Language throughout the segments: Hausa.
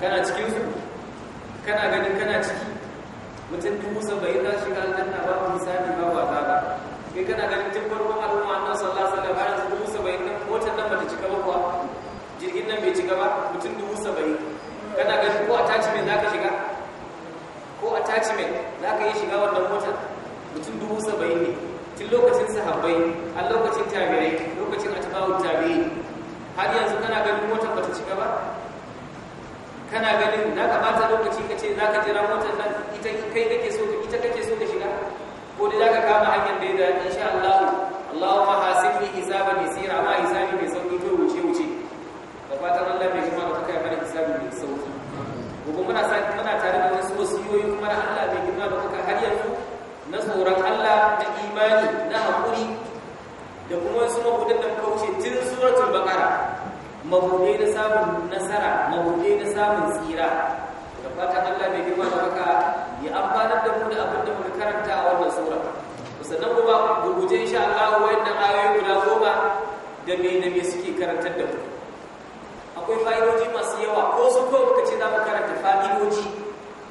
kana cikin su kana ganin kana ciki mutum dubu saba'in za shiga aljanna ba mu misali ba ba ta ba kai kana ganin tun farkon al'umma annan sallallahu alaihi wasallam har yanzu dubu saba'in nan motar nan bata cika ba kuwa jirgin nan bai cika ba mutum dubu saba'in kana ganin ko attachment za ka shiga ko attachment za ka yi shiga wannan motar mutum dubu saba'in ne tun lokacin sahabbai a lokacin tabirai lokacin atba'u tabi'i har yanzu kana ganin motar bata cika ba kana ganin na kamata lokaci ka ce za ka jira motar nan ita kai kake so ita kake so ka shiga ko da za ka kama hanyar da ya da insha Allah Allahumma hasibni hisaban yasira ma hisabi mai sauki to wuce wuce da fatan Allah mai kuma da kai mana hisabi mai sauki gobe muna sa muna tare da wasu wasiyoyi kuma da Allah mai girma da kuka har yanzu na tsoron Allah da imani na hakuri da kuma wasu mabudan da muka wuce tun suratul baqara mabuɗe na samun nasara mabuɗe na samun tsira da fatan Allah mai girma da haka ya amfanar da mu da abin da muka karanta a wannan sura sannan kuma gurguje insha Allah wayannan ayoyi guda goma da me da me suke karantar da mu akwai fa'idoji masu yawa ko su ko muka ce za mu karanta fa'idoji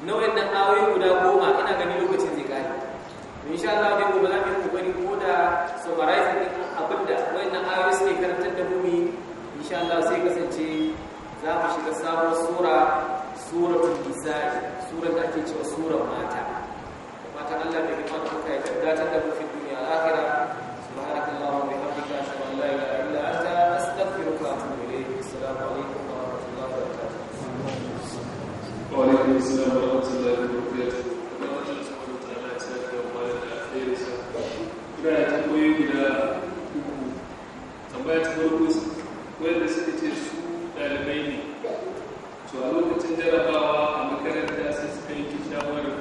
na wayannan ayoyi guda goma ina gani lokacin zai kare insha Allah dai gobe za mu yi kokari ko da summarizing abinda wayannan ayoyi suke karantar da mu insha Allah sai kasance za mu shiga sabon sura suratul nisa'i sura da ake cewa surar mata mata Allah bai kuma kuka yi daddata da mu fi duniya akhira subhanakallahu wa bihamdika ashhadu an la ilaha illa anta astaghfiruka wa atubu ilayk assalamu alaikum wa rahmatullahi wa barakatuh wa alaikum assalam wa rahmatullahi wa barakatuh Ina da tambayoyi guda uku, tambaya ta farko wanda suka ce su ɗalibai ne to a lokacin jarabawa a makaranta sai suka yi shawarar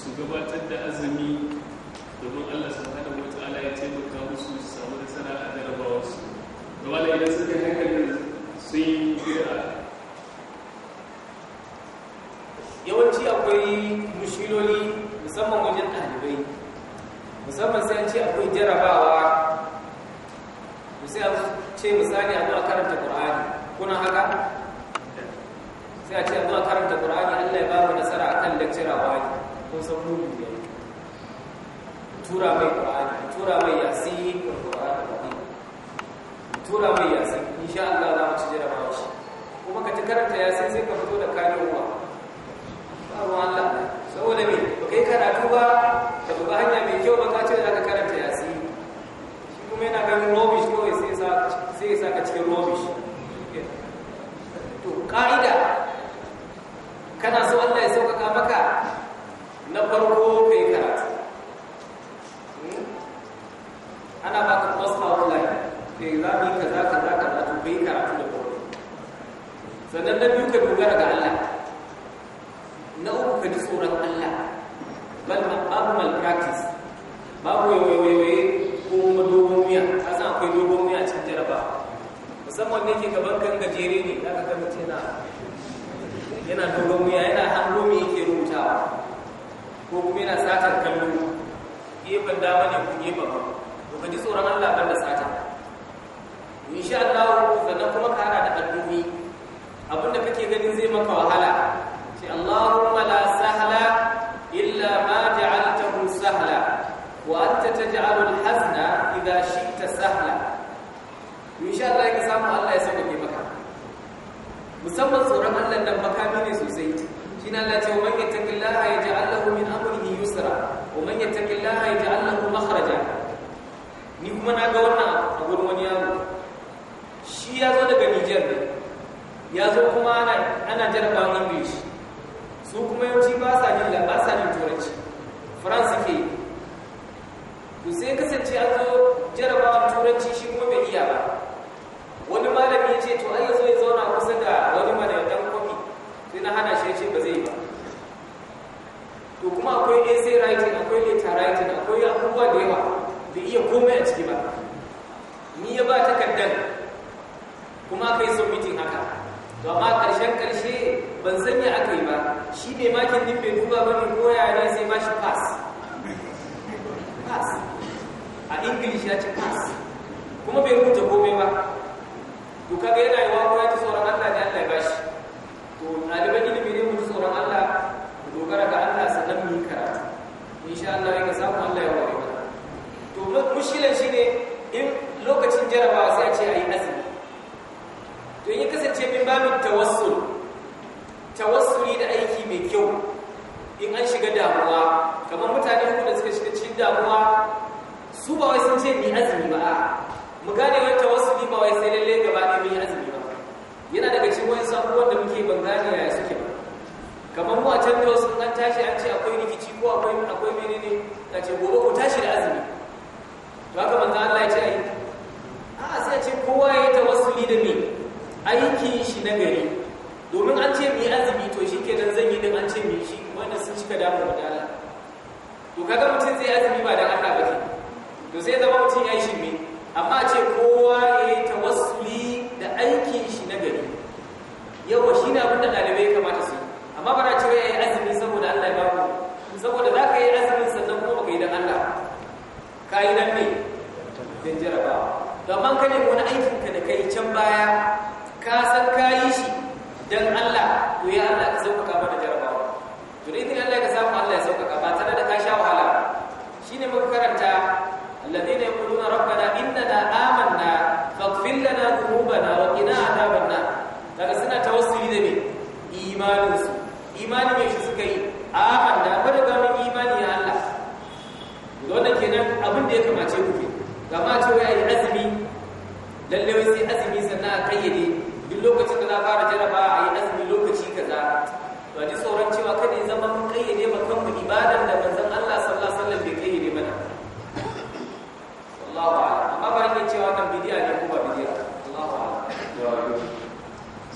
su gabatar da azumi domin allah subhanahu wa ta'ala ya taimaka musu su samu nasara a jarabawarsu da wala idan suka hankalin sun yi bid'a yawanci akwai mushiloli musamman wajen ɗalibai musamman sai ce akwai jarabawa sai ce misali a zuwa karanta Qur'ani kuna haka sai a ce a zuwa karanta Qur'ani Allah ya ba mu nasara akan lecturer wani kun san mu ne tura mai Qur'ani tura mai yasin Qur'ani tura mai yasi insha Allah za mu ci ba shi kuma ka ci karanta yasi sai ka fito da kayan ruwa mu Allah saboda me ba kai karatu ba ka duba hanya mai kyau ba ka ce za ka karanta yasi. shi kuma yana ganin rubbish kawai zai sa ka cikin rubish to ka'ida kana so Allah ya sauƙaƙa maka na farko ka karatu hmm? ana baka kwasfa online ka yi zaɓi ka za ka za ka za ka bai karatu da kwaro sannan na biyu ka dogara ga Allah na uku ka ji tsoron Allah bal babu malpractice babu waiwaiwaiwai ko kuma dogon miya ka san akwai dogon saman ne ke gaban kan gajere ne za ka gama na? yana dogon wuya yana hannu mai yake rubutawa ko kuma yana satar kallo gefen dama ne ku gefen ba to ka ji tsoron Allah ban da sata to insha Allah sannan kuma ka hada da addu'i abinda kake ganin zai maka wahala ce Allahumma la musamman tsoron Allah nan makami ne sosai shine Allah ce man yattaqillaha yaj'al lahu min amrihi yusra wa ya ji Allah lahu makhraja ni kuma na ga wannan a gudun wani yaro shi ya zo daga Nijar ne ya zo kuma ana ana jarabawan English su kuma yawanci ba sa jin ba sa jin turanci France ke to sai kasance an zo jarabawa turanci shi kuma bai iya ba wani malami ya ce to ai yazo ya zauna kusa da wani malamin kofi sai na hana shi ya ce ba zai ba to kuma akwai essay writing akwai letter writing akwai abubuwa da yawa bai iya komai a ciki ba ni ya ba takardar kuma aka yi submitting haka to amma karshen karshe ban san ya aka yi ba shi ne makin din bai duba ba ne ko ya ne sai ba shi pass pass a english ya ce pass kuma bai rubuta komai ba to kaga yana yi wa ji tsoron Allah ne Allah ya bashi to ɗaliban ilimi ne mu ji tsoron Allah mu dogara ga Allah sannan mu yi karatu insha Allah ya ka samu Allah ya ware mana to mushkilan shine in lokacin jarabawa sai a ce ayi azumi to in ya kasance min babin tawassul tawassuli da aiki mai kyau in an shiga damuwa kamar mutane uku da suka shiga cikin damuwa su ba wai sun ce ni azumi ba a'a mu gane wasu tawassuli ba wai sai lalle gaba ɗaya mun yi azumi ba yana daga cikin wani sabuwar wanda muke ban gane yaya suke ba kamar mu a can da wasu an tashi an ce akwai rikici ko akwai akwai menene na ce gobe ku tashi da azumi to haka manzo Allah ya ce ai a sai ce kowa ya yi tawassuli da me aiki shi na gari domin an ce mu yi azumi to shi nan zan yi din an ce mu yi shi wanda sun cika damu da Allah to kaga mutum zai azumi ba da haka ba to sai zama mutum ya yi shi amma ce kowa ya yi tawassuli da aiki shi na gari yawa shi ne abinda ɗalibai kamata su amma bara cewa ya yi azumi saboda Allah ya ba ku saboda za ka yi azumin sannan kuma baka yi don Allah ka yi nan don me don jarabawa domin ka nemi wani aikinka da ka yi can baya ka san ka yi shi don Allah to ya Allah ka sauƙaƙa mana jarabawa to da idan Allah ka samu Allah ya sauƙaƙa ba tare da ka sha wahala shine muka karanta alladhina yaquluna rabbana imaninsu imanin shi suka yi a'a da ba da gamin imani ya Allah ke nan abin da ya kamace ku ke gama ce wai yi azumi lalle wasu yi azumi sannan a kayyade duk lokacin da na fara jaraba a yi azumi lokaci kaza ba ji tsoron cewa kada ya zama mun kayyade ma mu ibadan da manzan Allah sallallahu alaihi wasallam bai kayyade mana wallahu a'lam amma ba ni cewa kan bidiya ne ko ba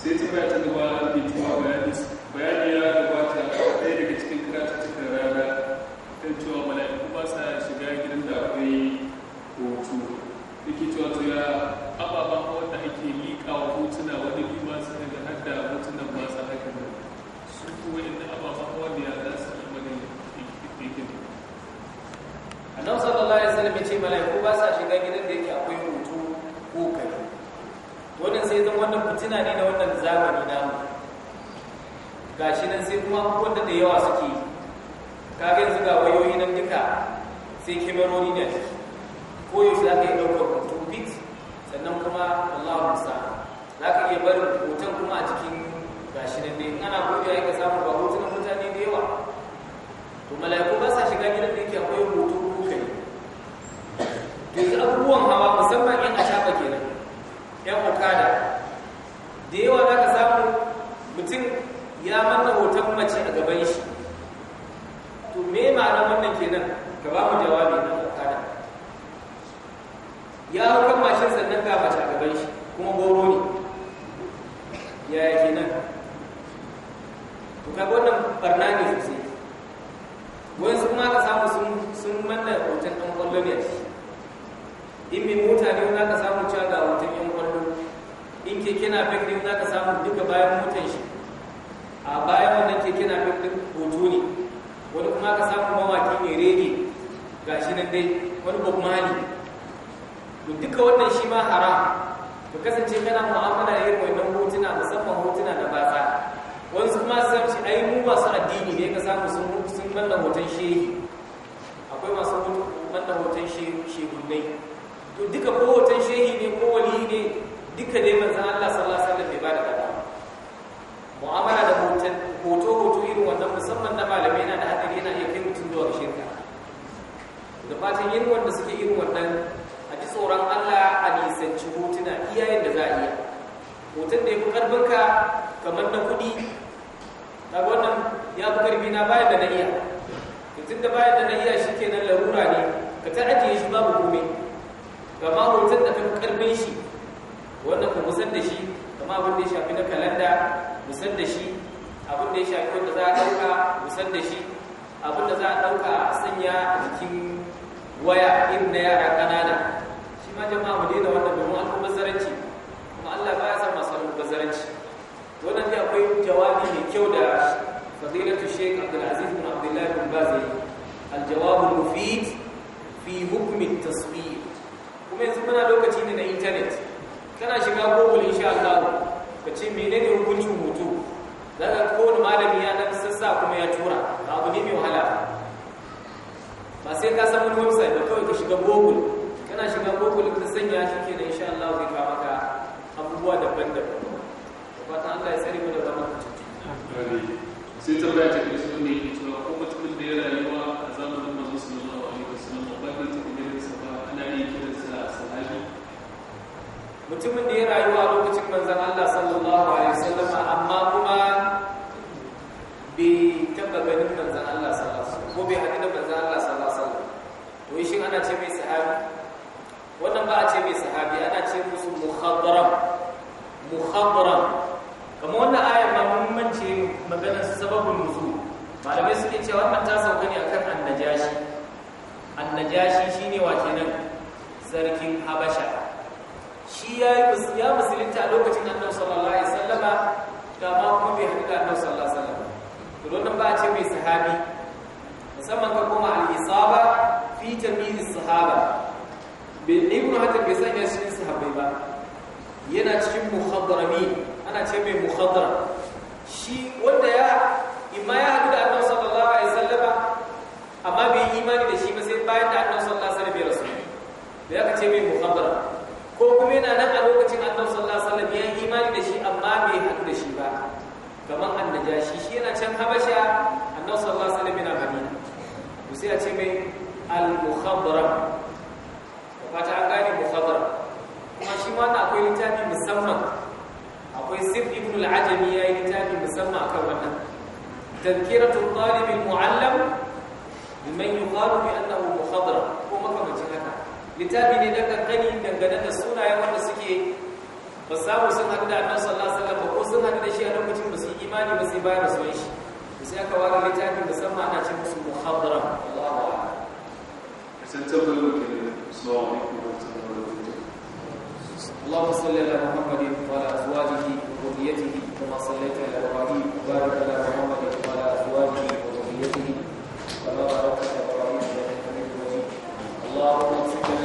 sai ta bayar ta gaba da kuma bayani bayani ya gabata ɗaya daga cikin karatuttukan rana kan cewa mala'iku ba sa shiga gidan da akwai hoto yake cewa to ya ababen wanda ake liƙa wa hotuna wani bi ba su daga hadda hotunan ba sa haka ne su kuwa inda ababen wanda ya za su yi mana ɗikin annabi sallallahu alaihi wasallam ya ce mala'iku ba sa shiga gidan da yake akwai hoto ko kai wannan sai zan wannan fitina ne na wannan zamani namu shi nan sai kuma wanda da yawa suke yi ga yanzu ga wayoyi nan duka sai kemarori ne ko yaushe za ka yi ɗaukar hoto bit sannan kuma Allahu musa za ka iya barin hoton kuma a cikin shi nan dai ana gobe ya ka samu ba hotunan mutane da yawa to mala'iku ba sa shiga gidan da yake akwai hoto ko kai abubuwan hawa musamman yan yan okada da yawa za ka samu mutum ya manna hoton mace a gaban shi to me ma'ana wannan kenan ka ba mu jawabi na okada ya hau kan mashin sannan ga mace a gaban shi kuma goro ne yaya kenan to kaga wannan barna ne sosai su kuma ka samu sun manna hoton ɗan ƙwallo ne in mai mota ne wani aka samu cewa ga hoton keke kina fek din zaka samu duka bayan motan shi a bayan wannan keke na fek din hoto ne wani kuma ka samu mawaki ne ga gashi nan dai wani bob mali to duka wannan shi ma haram to kasance kana mu'amala da irin wannan hotuna musamman hotuna na batsa wasu kuma su samu shi ai mu masu addini ne ka samu sun sun banda hoton shehi akwai masu banda hoton shehu shehu to duka ko hoton shehi ne ko wali ne duka dai manzan Allah sallallahu alaihi wasallam bai ba da mu'amala da hoton hoto hoto irin wannan musamman na malamai yana da hadari yana iya kai mutum zuwa shirka da fatan yin wanda suke irin wannan a ji tsoron Allah a nisanci hotuna iyayen da za a iya hoton da ya fi ka kamar na kuɗi ta wannan ya fi karbi na bayan da na iya mutum da bayan da na iya shi kenan larura ne ka ta ajiye shi babu komai gama hoton da ka fi shi wannan ku musar da shi kama abin da ya shafi na kalanda musar da shi abin da ya shafi wanda za a ɗauka musar da shi abin da za a ɗauka a sanya a jikin waya in na yara ƙanana shi ma jama'a mu daina wannan domin almubazzaranci kuma Allah ba ya san masu almubazzaranci wannan ne akwai jawabi mai kyau da fadilatu Sheikh Abdul Aziz bin Abdullah bin Baz al mufid fi hukm at kuma yanzu muna lokaci ne na internet kana shiga google insha Allah ka ce menene hukuncin hoto za ka ko wani malami ya nan sassa kuma ya tura ba abu ne mai wahala ba sai ka samu wani website ba kawai ka shiga google kana shiga google ka sanya shi ke da insha Allah zai kama ka abubuwa daban-daban fatan Allah ya tsare mu da zaman ci sai tambaya ta kai sun ne yake cewa ko mutumin da ya rayuwa a zamanin manzo sallallahu alaihi wasallam ba ta da sa ba ana yi kiran mutumin da ya rayu a lokacin manzan Allah sallallahu alaihi wasallam amma kuma bai taba ganin manzan Allah sallallahu alaihi ko bai haɗu da manzan Allah sallallahu alaihi wasallam to shi ana ce mai sahabi wannan ba a ce mai sahabi ana ce musu muhadram muhadram kamar wannan ayar ma mun mance maganar sababul nuzul malamai suke cewa an ta sauka ne akan annajashi annajashi shine wa kenan sarkin habasha shi ya musulunta a lokacin annabi sallallahu alaihi wasallama da ma kuma bai haɗu da annabi sallallahu alaihi wasallam ba a ce mai sahabi musamman ka koma al-isaba fi tamyiz sahaba bin ibnu hajar bai sanya cikin sahabai ba yana cikin muhadarami ana ce mai muhadara shi wanda ya imma ya haɗu da annabi sallallahu alaihi wasallama amma bai imani da shi ba sai bayan da annabi sallallahu alaihi wasallam ya rasu da ya ka ce mai muhadara to sai a ce mai al-mukhadara da an gane mukhadara kuma shi ma na akwai littafi musamman akwai sif ibn al-ajami yayi littafi musamman akan wannan tadhkiratu talib al-muallam liman yuqalu bi annahu mukhadara ko makamancin haka littafi ne daga kankani dangane da sunayen wanda suke ba samu sun haɗu da annabi sallallahu alaihi wasallam ko sun haɗu da shi a lokacin ba su yi imani ba sai bayan rasuwar shi sai aka ware littafin musamman ana ce musu muhaddara Allahu a'lam sai ta bulu kenan assalamu alaikum wa rahmatullahi wa barakatuh Allahumma salli ala Muhammadin wa ala azwajihi wa dhurriyyatihi kama sallaita ala Ibrahim wa barik ala Muhammadin wa ala azwajihi wa dhurriyyatihi kama barakta ala Ibrahim wa ala alihi wa sahbihi Allahumma salli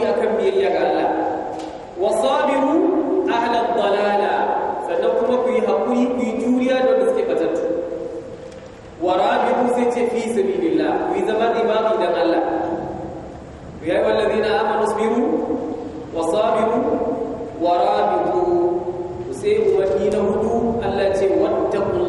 haƙuri akan biyayya ga Allah wa sabiru ahlal dalala sannan kuma ku yi haƙuri ku yi juriya da wanda suke batattu wa rabitu sai ce fi sabilillah ku yi zama imami dan Allah ya yi wallazina amanu sabiru wa sabiru wa rabitu sai umarni na hudu Allah ce wattaqu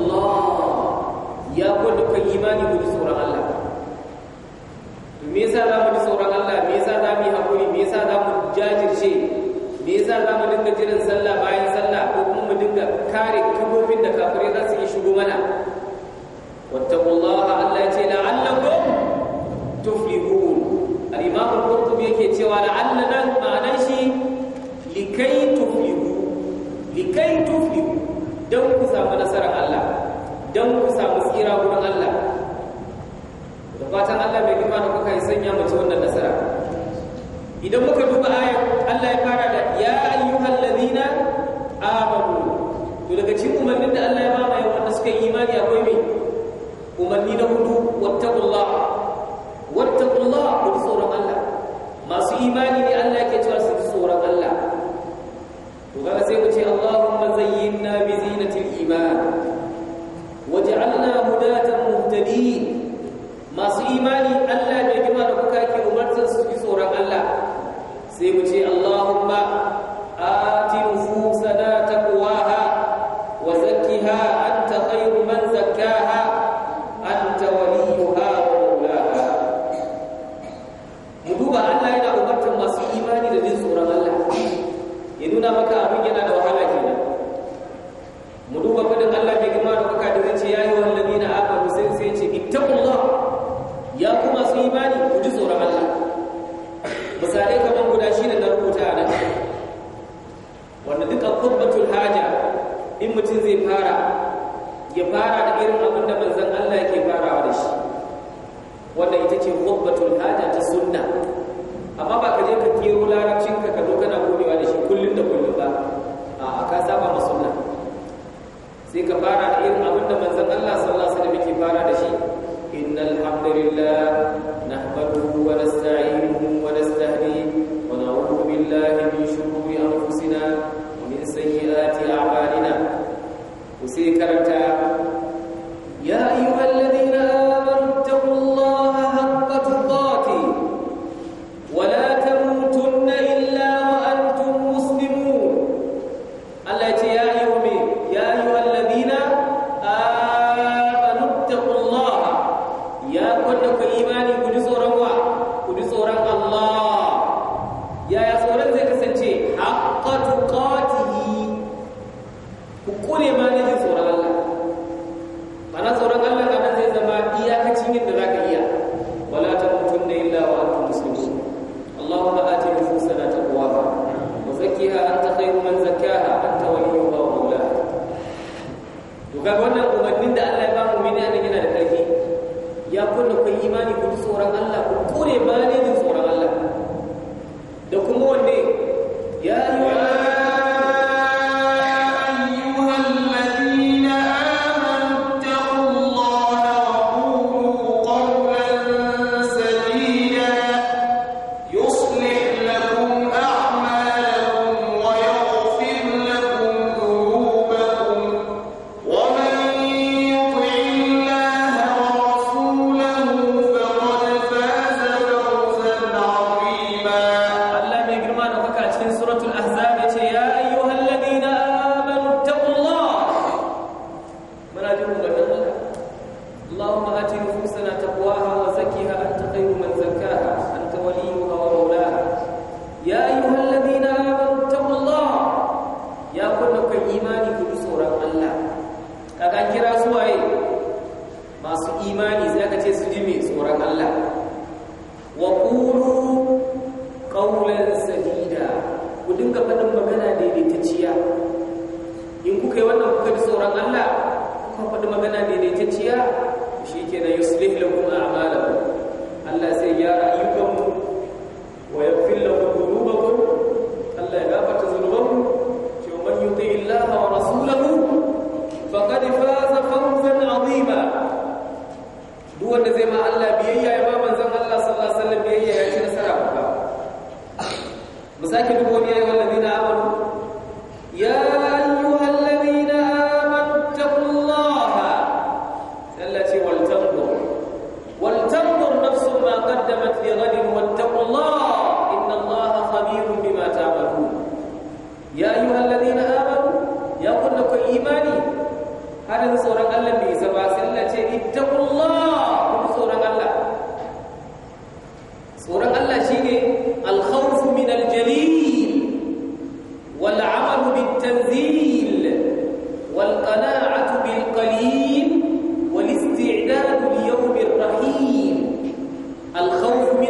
kare kafofin da kafirai za su yi shigo mana wattaqullaha Allah ce la'allakum tuflihun al-imam al-qurtubi yake cewa la'allana ma'anar shi likai tuflihu likai tuflihu dan ku samu nasarar Allah dan ku samu tsira gurin Allah da fatan Allah bai girma da kuka yi sanya mace wannan nasara idan muka duba ayat Allah ya fara da ya ayyuhallazina amanu এরকম yi imani ku ji tsoron Allah misalai kamar guda shi na rubuta a nan wanda duka khutbatul haja in mutum zai fara ya fara da irin abin da manzon Allah yake farawa da shi wanda ita ce khutbatul haja ta sunna amma ba ka je ka kero larabcin ka ka zo kana komewa da shi kullum da kullum ba a ka saba ma sunna sai ka fara da irin abin da manzon Allah sallallahu alaihi wasallam yake fara da shi innal hamdalillah sai karanta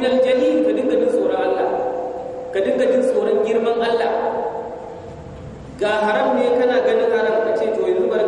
min aljalil ka dinga jin tsoron Allah ka dinga jin tsoron girman Allah ga haram ne kana ganin haram ka ce to yanzu bari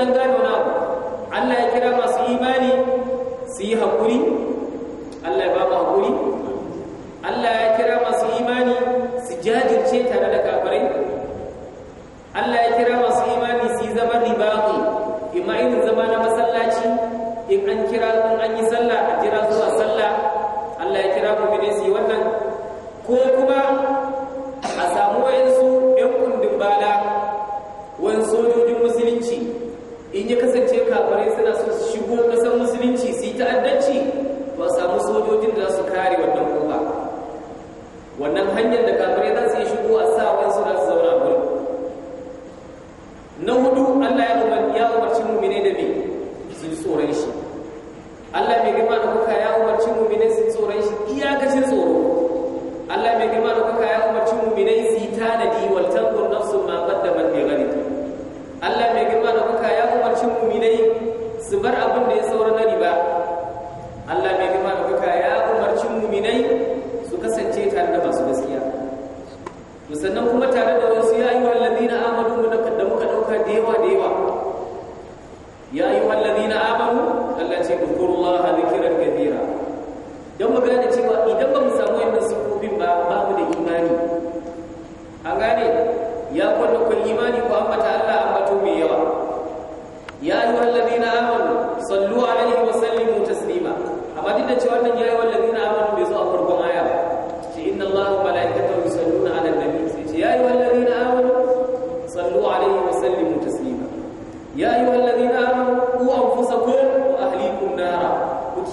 dan gano na Allah ya kira masu imani su yi haƙuri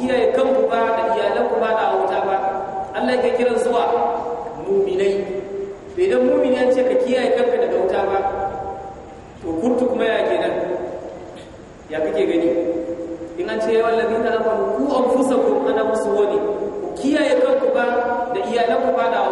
kiyaye kanku ba da iyalanku ba da wuta ba Allah ya kira zuwa mu'minai to idan mu'mini ya ce ka kiyaye kanka daga wuta ba to kuntu kuma ya kenan ya kake gani in an ce yawan labin da ku an fusa ku ana musu wani ku kiyaye kanku ba da iyalanku ba da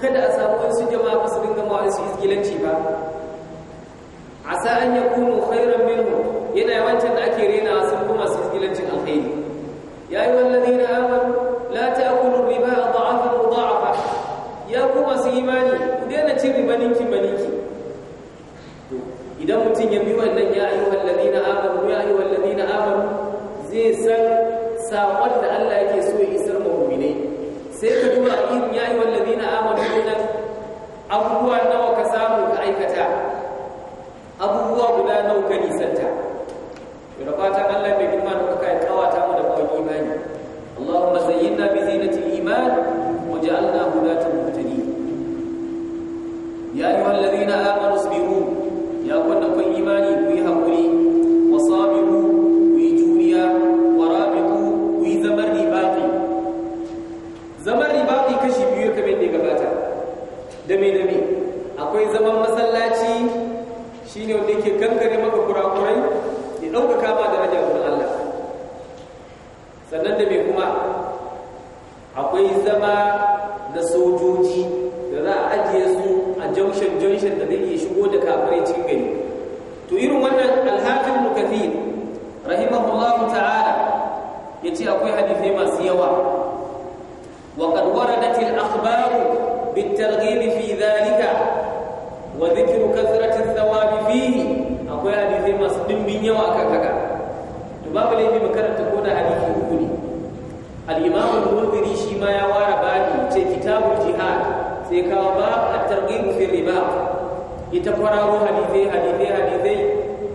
kada a samu wasu jama'a ba su dinga ma wasu izgilanci ba asa an kunu khairan minhu yana yawancin da ake rena wasu kuma su izgilancin alkhairi ya yi wallazina amanu la ta'kulu riba da'afan mudha'afa ya kuma su imani ku daina cin riba ninki ba idan mutum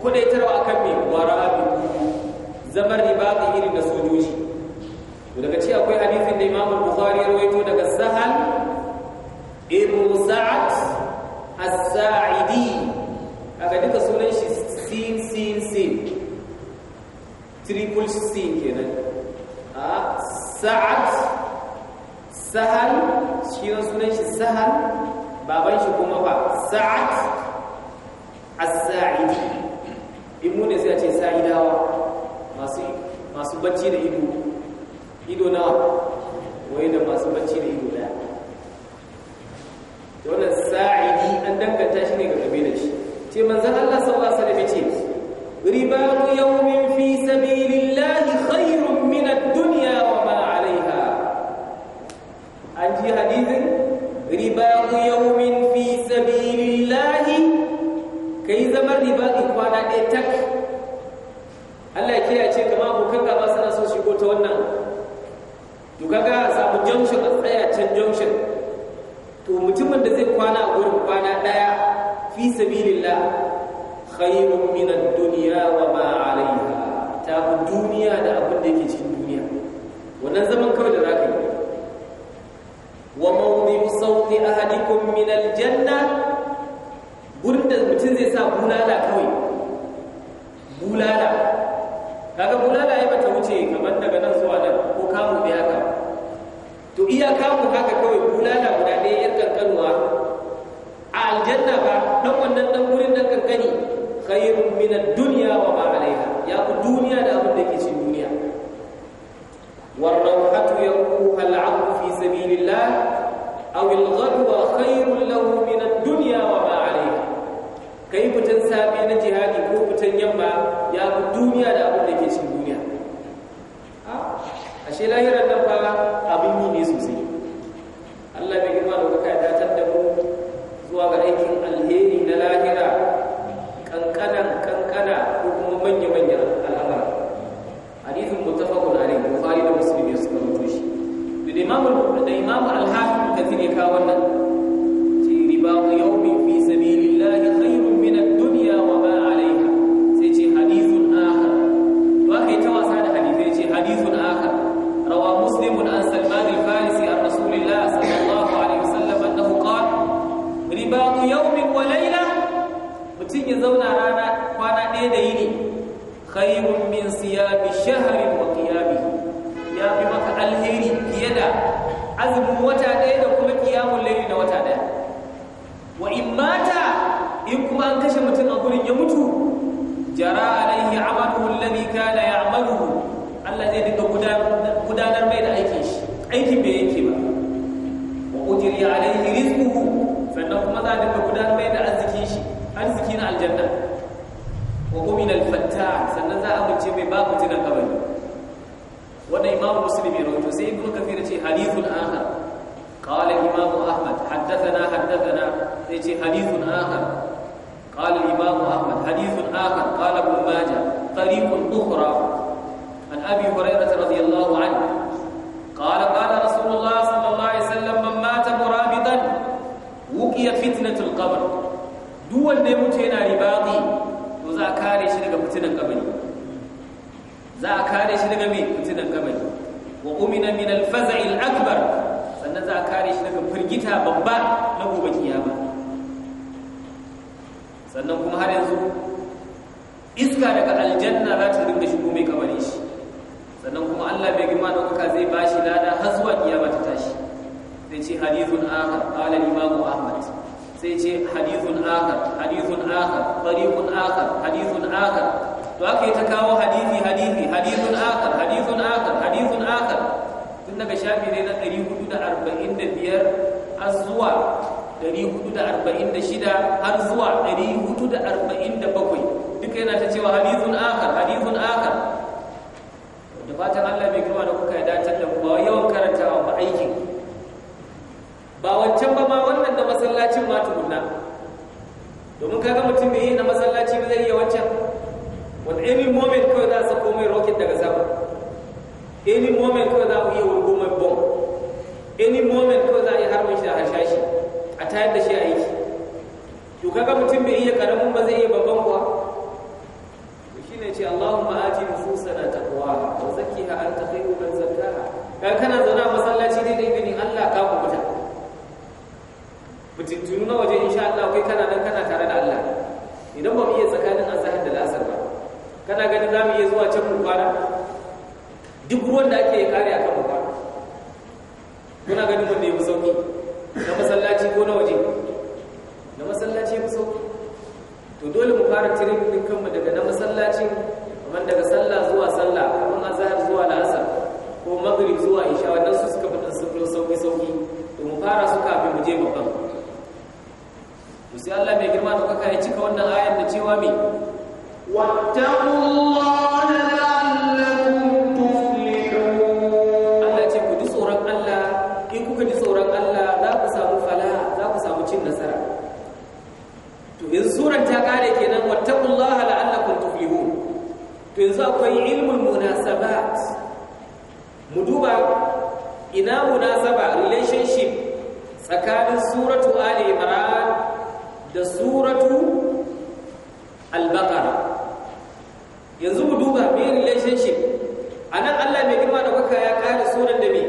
kudaitarwa akan mai wara zamar أو الغدوة خير له من الدنيا وما عليها كي بتن سابي نجهادي كو بتن يما يا الدنيا لا أبو لك يشن الدنيا أشي لا يرى النبا أبني نزوزي الله بيجمع لو كادا تدبو زوا غايكين الهيري نلاهرا كنكنا كنكنا كوكما من يمن الأمر حديث متفق عليه البخاري ومسلم يسمى وتوشي الإمام الإمام ya kawo wannan mutum ya mutu jara alaihi amaluhu alladhi kana ya'maluhu Allah zai dinga gudanar mai da aikin shi aikin bai yake ba wa ujri alaihi rizquhu sannan kuma za a dinga gudanar mai da arzikin shi arziki na aljanna wa umina al-fattah sannan za a amince mai ba mutunan kabari wannan imamu muslim ya rawaito sai ibnu kathir ce hadithun akhar qala imamu ahmad haddathana haddathana sai ce hadithun akhar الإمام أحمد حديث آخر قال ابن ماجه طريق أخرى عن أبي هريرة رضي الله عنه قال قال رسول الله صلى الله عليه وسلم من مات مرابطا وقي فتنة القبر دول نموتين رباطي وذا كاري شرق فتنة قبري ذا كاري شرق فتنة قبري وأمن من الفزع الأكبر sannan za شرق kare shi نبو firgita sannan kuma har yanzu iska daga aljanna za ta dinga shigo mai kabari shi sannan kuma Allah bai gima da kuka zai shi lada har zuwa kiyama ta tashi sai ce hadithun akhar qala imam ahmad sai ce hadithun akhar hadithun akhar tariqun akhar hadithun akhar to aka yi ta kawo hadithi hadithi hadithun akhar hadithun akhar hadithun akhar tun daga shafi ne na 445 har zuwa 446 har zuwa 447 duka yana ta cewa hadithun akar hadithun akar da fatan Allah mai kuma da kuka yada datar da ba yawan karantawa ba aikin ba wancan ba ma wannan da masallacin ma tukunna domin kaga mutum bai yi na masallaci ba zai iya wancan wani any moment kawai za su komai rocket daga sama any moment kawai za ku iya wurgo mai bomb any moment kawai za a iya harbin shi da hashashi a tayar da shi a yi to kaga mutum bai iya karamin ba zai iya babban kuwa to shine ce Allahumma ati nufusana taqwa wa zakkiha anta khayru man zakkaha ka kana zauna a masallaci dai dai ne Allah ka mutum mutuntunu na waje insha Allah kai kana nan kana tare da Allah idan ba mu iya tsakanin azhar da asar ba kana ganin zamu iya zuwa can mu kwana duk ruwan da ake kare kan mu kwana kuna ganin mun ne mu sauki na masallaci fara cire din kanmu daga na masallacin kamar daga sallah zuwa sallah kamar azhar zuwa la'asa, ko maghrib zuwa isha wannan su suka fadin sun sauki sauki da mu fara su kafin mu je babban to sai Allah mai girma da kaka ya cika wannan ayar da cewa mai. wattaqullaha to yanzu akwai ilmul munasabat mu duba ina munasaba relationship tsakanin suratu ali imran da suratu al-baqara yanzu mu duba me relationship anan Allah mai girma da kuka ya kare sunan da me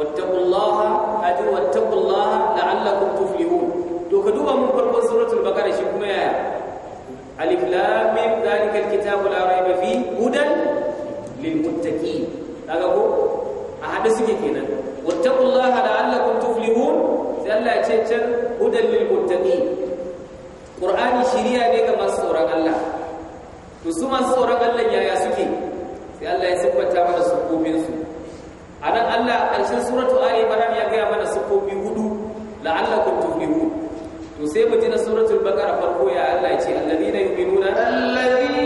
wattaqullaha ajr wattaqullaha la'allakum tuflihun to ka duba mun farkon suratul baqara shi kuma yaya alif lam mim zalikal kitabu la haɗe suke kenan wattaqullaha la'allakum tuflihun sai Allah ya ce can hudan lil muttaqin qur'ani shiriya ne ga masu tsoron Allah to su masu tsoron Allah yaya suke sai Allah ya siffanta mana sukubin su anan Allah ƙarshen suratu ali imran ya ga mana sukubi hudu la'allakum tuflihun to sai mu ji na suratul baqara farko ya Allah ya ce alladhina yu'minuna alladhina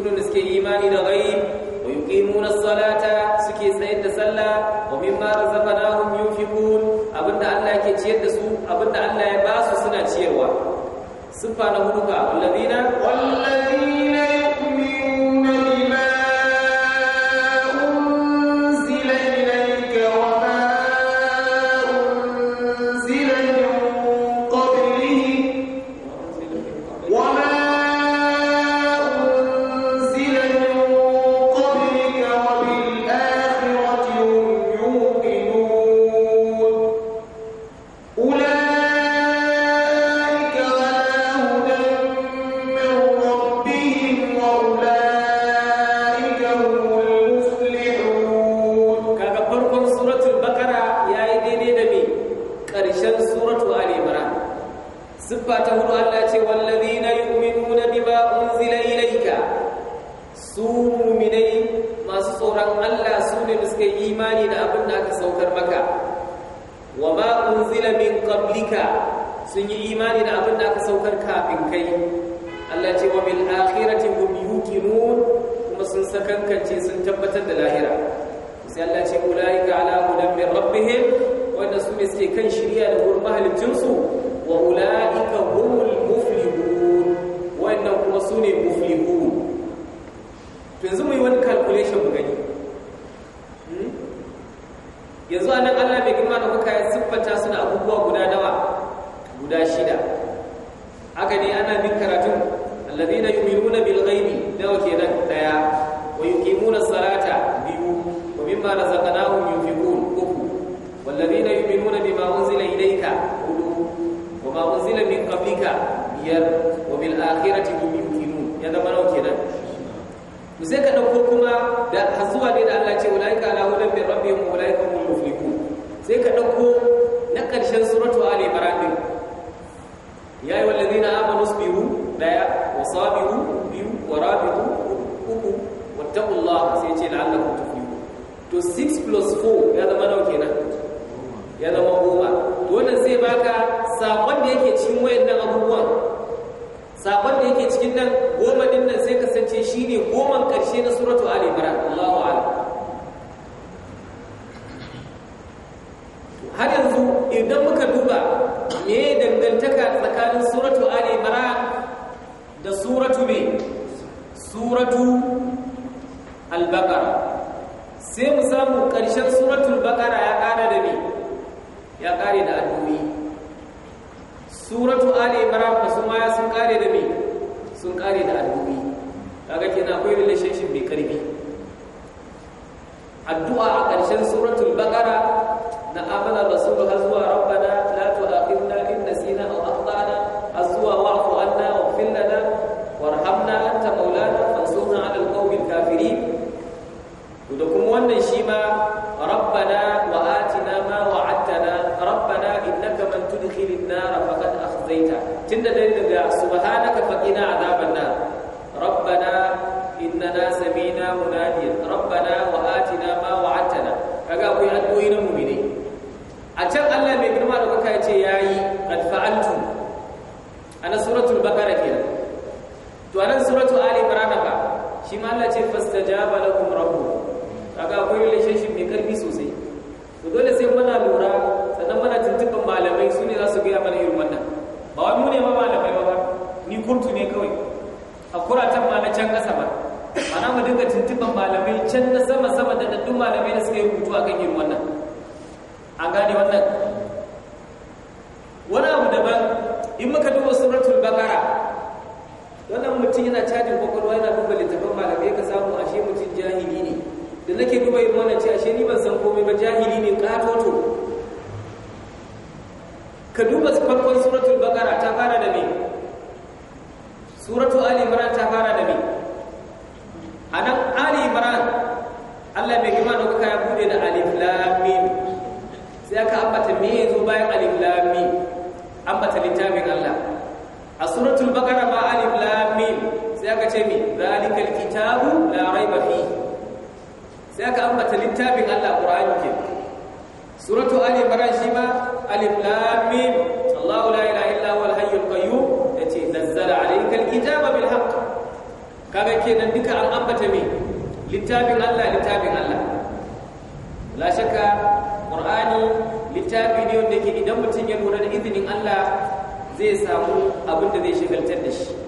sunan da suke imani da ghaib wa yuqimuna salata suke tsayar da sallah wa mimma razaqnahum yunfiqun abinda Allah ke ciyar da su abinda Allah ya ba su suna ciyarwa sifa na hudu ka na wallazina amanu biyu, daya wa sabiru biyu wa rabitu uku wattaqullaha sai ce la'allakum tuflihun to 6 plus 4 ya zama nawa kenan ya zama goma to wannan zai baka sabon da yake cikin wayannan abubuwan sabon da yake cikin nan goma din nan sai kasance shine goman karshe na suratu ali imran Allahu a'lam har yanzu idan muka duba me tsakanin suratu ali imran da suratu me suratu al-baqara sai mu samu ƙarshen suratul baqara ya kare da me ya ƙare da adumi suratu ali imran fa su ma ya sun ƙare da me sun ƙare da adumi kaga kenan akwai relationship mai karfi addu'a a ƙarshen suratul baqara na amana rasulullahi zuwa rabbana tun da daga subhanaka faqina azaban nar rabbana innana samina munadiyan rabbana wa atina ma wa'adtana kaga akwai addu'o'i na mu'mini a can Allah mai girma da kuka yace yayi qad fa'altu ana suratul baqara kenan to anan suratul ali imran ba shi ma Allah ce fastajaba lahu malamai da suka yi rubutu a irin wannan an gane wannan wani abu daban in muka duba suratul bakara wannan mutum yana cajin kwakwalwa yana duba littafin malamai ka samu ashe mutum jahili ne da nake duba yin wannan ce ashe ni ban san komai ba jahili ne katoto ka duba farkon suratul bakara ta fara da ne me littafin Allah littafin Allah la shakka qur'ani littafi ne wanda yake idan mutum ya lura da izinin Allah zai samu abin da zai shagaltar da shi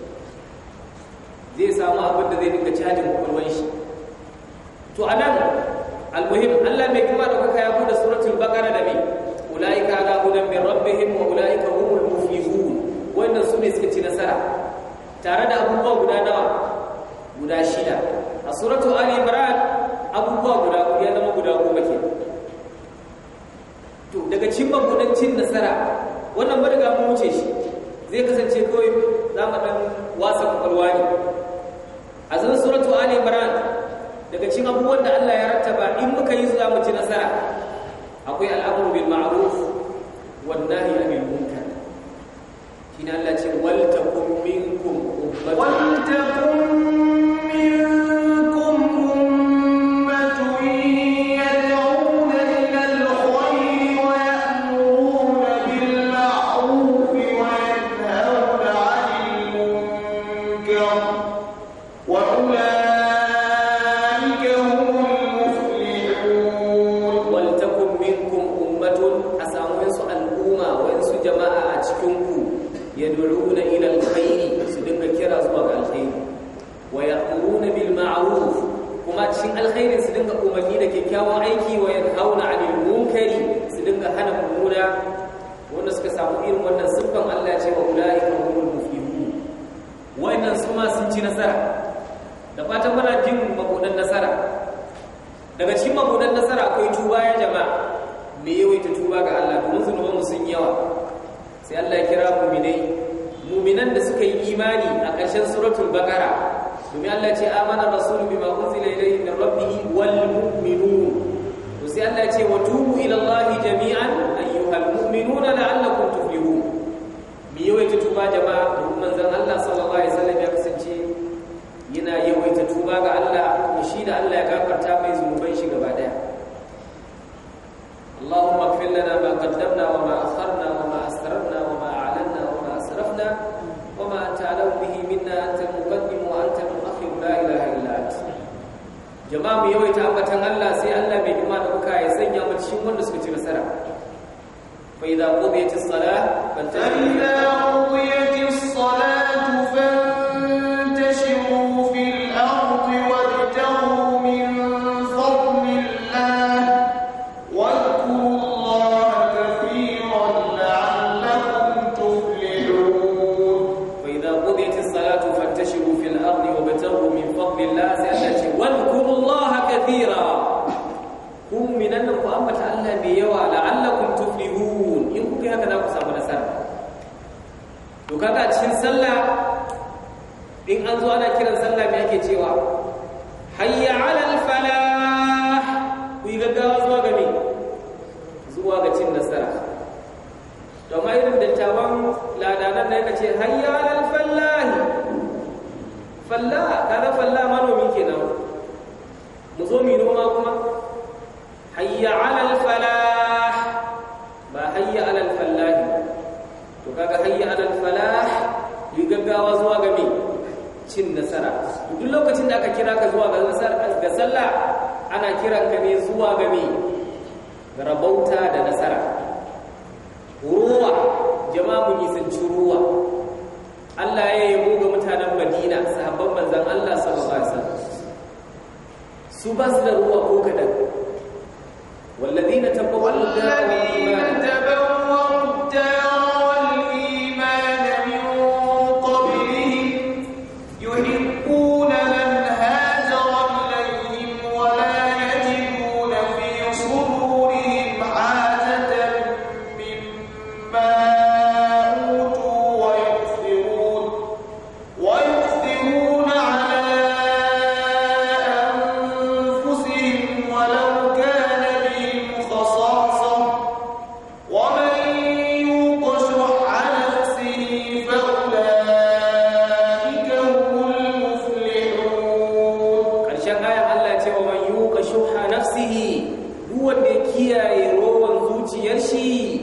wanda ya kiyaye rowan zuciyar shi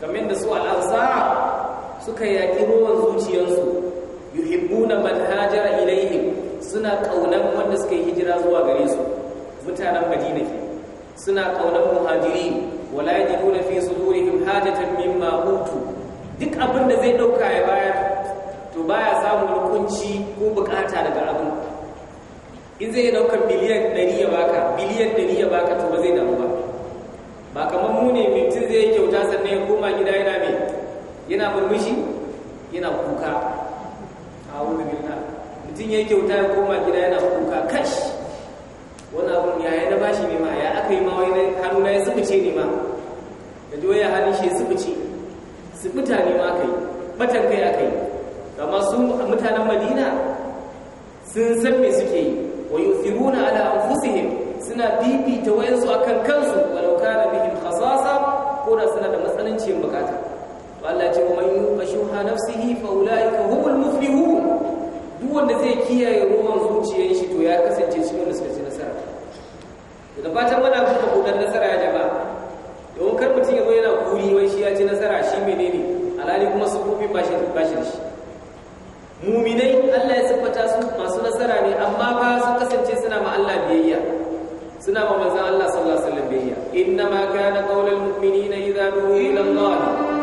kamar da su al'ansar suka yaƙi rowan zuciyarsu yuhibbuna man hajara ilayhim suna ƙaunar wanda suka yi hijira zuwa gare su mutanen madina ke suna ƙaunar muhajiri wala yajiduna fi sudurihim hajatan mimma hutu duk abin da zai dauka ya bayar to baya samun hukunci ko bukata daga abin in zai dauka biliyan 100 ya baka biliyan 100 ya baka to ba zai damu ba ba kamar mu ne mutum zai kyauta sannan ya koma gida yana mai yana murmushi yana kuka a wurin billah mutum ya kyauta ya koma gida yana kuka kash wani abu ya yi na bashi ne ma ya aka yi ma wani hannu na ya zubuce ne ma da ji waya hannun shi ya zubuce zubuta ne ma aka yi batan kai aka yi amma su mutanen madina sun san me suke yi wa tsiruna ala anfusihim suna bibita wayansu kan kansu walau kana bihim khasasa ko da suna da matsananciyar bukata to Allah ce man yuqashuha nafsihi fa ulaika humul muflihun duk wanda zai kiyaye ruwan zuciyar shi to ya kasance shi wanda suka ci nasara to da fatan muna buɗe buɗar nasara ya jama'a domin kar mutum ya zo yana kuri wai shi ya ci nasara shi menene al'ali kuma sufufi kofi shi shi muminai Allah ya siffata su masu nasara ne amma ba su kasance suna ma Allah biyayya سنا ما الله صلى الله عليه وسلم بها إنما كان قول المؤمنين إذا دعوا إلى الله